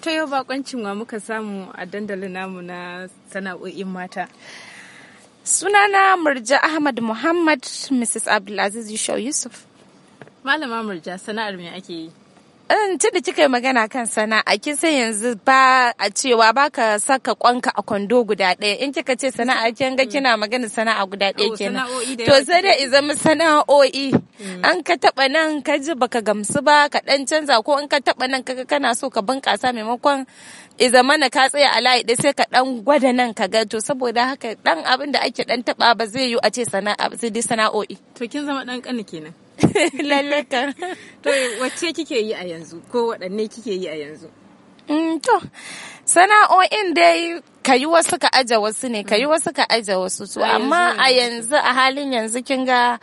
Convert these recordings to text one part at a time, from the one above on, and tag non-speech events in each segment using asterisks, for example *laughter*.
ta yau bakoncin wa muka samu a dandali namu na sana'o'in mata sunana murja ahmad muhammad mrs abdulaziz yusuf malama murja sana'ar me ake yi In tun da kika yi magana kan sana'a kin sai yanzu ba a cewa ba ka saka kwanka a kwando guda ɗaya in kika ce sana'a kin ga mm. kina magana sana'a guda ɗaya oh, kenan to sai da izan sana'o'i mm. an ka taba nan ka ji baka gamsu ba ka dan canza ko in ka taba nan kaga kana so ka bunkasa maimakon mana ka tsaya a layi ɗaya sai ka dan gwada nan ka ga to saboda haka dan abin da ake dan taba ba zai yi a ce sana'a sai dai sana'o'i to kin zama dan kana kenan *laughs* lallaka *laughs* to wacce kike yi a yanzu ko waɗanne kike yi a yanzu mm, to sana'o'in dai ka yi wasu ka aje wasu ne ka yi mm. wasu ka aje wasu su amma a yanzu a halin yanzu kin ga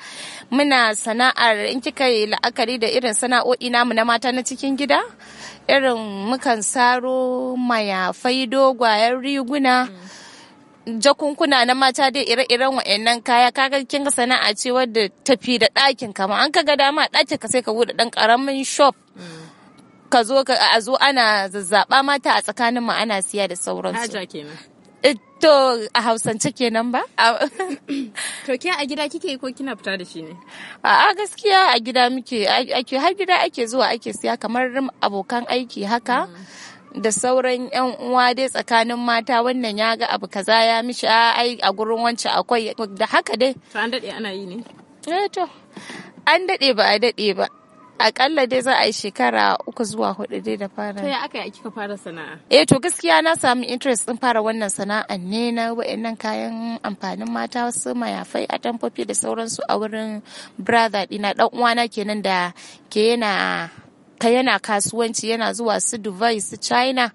muna sana'ar in kika yi la'akari da irin sana'o'i namu na mata na cikin gida irin mukan saro mayafai dogwayen riguna mm. jakunkuna na mata dai ire-iren wa'annan kaya kaga kin ga sana'a ce wadda tafi da ɗakin kama an ka ga dama ɗakin ka sai ka buɗe ɗan ƙaramin shop ka zo ka a zo ana zazzaba mata a tsakanin mu ana siya da sauransu haja kenan eh, to a hausance kenan ba *coughs* to ke a gida kike ko kina fita da shi ne a gaskiya a gida muke ake har gida ake zuwa ake siya kamar abokan aiki haka mm. da sauran yan uwa dai tsakanin mata wannan ya ga abu kaza ya mishi ai a gurin wancan akwai da haka dai to an dade ana yi ne eh to an dade ba a dade ba akalla dai za a yi shekara uku zuwa hudu dai da fara. To ya aka yi kika fara sana'a? Eh to gaskiya na samu interest din fara wannan sana'a ne na wayannan kayan amfanin mata wasu mayafai atamfofi da sauransu a wurin brother dina dan uwana kenan da ke yana ka yana kasuwanci yana zuwa su dubai su china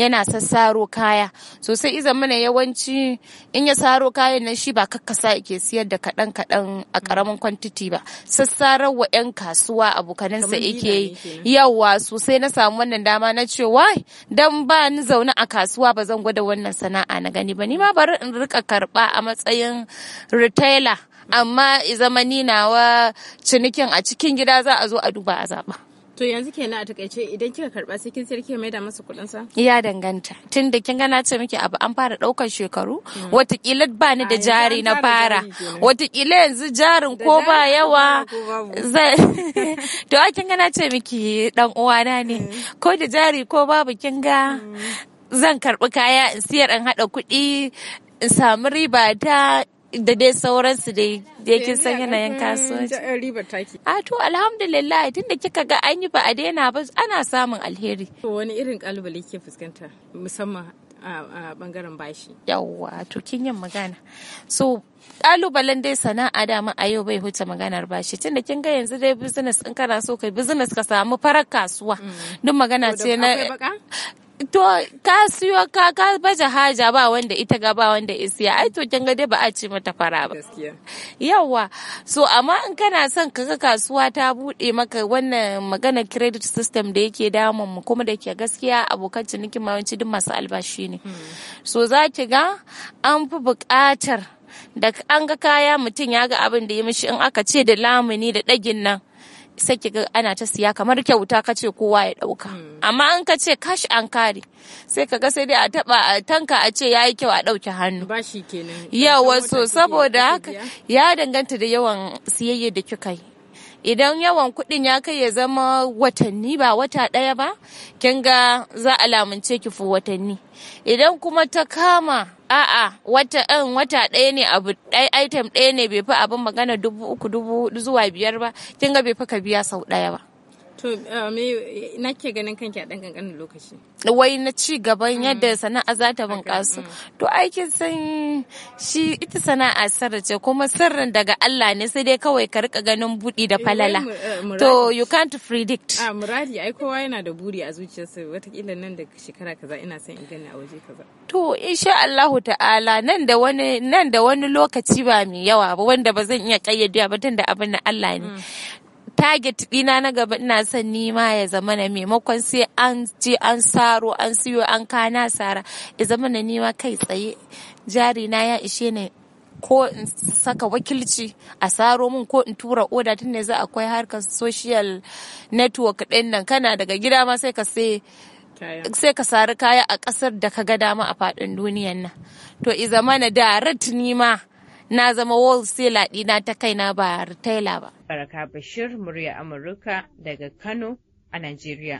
yana sassaro kaya sosai iza mana yawanci in ya saro kayan nan shi ba kakkasa yake siyar da kaɗan kaɗan a ƙaramin kwantiti ba sassarar wa 'yan kasuwa abokanansa yake yi yawa sosai na samu wannan dama na cewa wai dan ba ni zaune a kasuwa ba zan gwada wannan sana'a na gani ba ni ma bari in rika karɓa a matsayin retailer amma izamani nawa cinikin a cikin gida za a zo a duba a zaba To yanzu kenan a takaice idan kika karba sai kin sarki mai da masa kuɗin sa? Ya danganta. Tun da kin gana ce miki abu an fara ɗaukar shekaru, hmm. watakila ba ni da jari na fara. Watakila yanzu jarin ko ba yawa. *laughs* *laughs* To a kin gana ce miki dan uwana ne. Hmm. Ko da jari ko babu kin ga hmm. zan karbi kaya in siyar in haɗa kuɗi in samu riba ta da dai sauransu dai ya kin san yanayin eh, kasuwanci. A eh, ah, to alhamdulillah tun da kika ga an yi ba a daina ba ana samun alheri. Wani irin kalubale ke fuskanta musamman a bangaren bashi. Yawwa to kin yin magana. So kalubalen dai sana'a dama a yau bai huta maganar bashi tunda kin ga yanzu dai business in kana so kai business ka samu farar kasuwa. Mm. Duk magana ce na to ka siyo ka ka baje haja ba wanda ita ga ba wanda isiya ai to kin ga dai ba a ce mata fara ba yawa so amma in kana son kaga kasuwa ta bude maka wannan magana credit system da yake damun mu kuma da ke gaskiya abokan ciniki wanci duk masu albashi ne hmm. so zaki ga an fi buƙatar da an ga kaya mutum ya ga abin da ya mishi in aka ce da lamuni da ɗagin nan sai kiga ana ta siya kamar kyauta ka ce kowa ya ɗauka hmm. amma an ka ce kash an kare sai kaga sai dai a taba a tanka a ce yayi kyau a ɗauki hannu bashi kenan yawa so saboda haka ya danganta da yawan siyayya da kika yi idan yawan kuɗin ya kai ya zama watanni ba wata ɗaya ba kin ga za a lamunce ki fi watanni idan kuma ta kama A'a wata ɗan eh, wata ɗaya ne abu item ɗaya ne bai fi abin magana dubu uku dubu zuwa biyar ba kin ga bai fi ka biya sau ɗaya ba. To eh, me nake ganin kanki a ɗan ƙanƙanin lokaci? Wai na ci gaban mm. yadda sana'a za ta bunƙasu. Mm. To aikin san shi ita sana'a sarace ce kuma sirrin daga Allah ne sai dai kawai ka rika ganin buɗi da eh, falala. Eh, to you can't predict. A ah, muradi ai kowa yana da buri a zuciyarsa watakila nan da shekara kaza ina son in gani a waje kaza. To insha Allahu ta'ala nan da wani lokaci ba mai yawa ba wanda ba zan iya kayyade ba tunda abin na Allah ne. Mm. target ɗina na gaba ina son nima ya zama na maimakon sai an je an saro an siyo an kana sara ya zama na nima kai tsaye jari na ya ishe ne ko in saka wakilci a saro min ko in tura oda tun da za akwai harkar social network din nan kana daga gida ma sai ka sai sai ka sari kaya a kasar da ka ga dama a faɗin duniyan nan to i zama na direct ni na zama wall wholesaler ɗina ta kaina ba retailer ba. Baraka Bashir, murya Amurka daga Kano a Najeriya.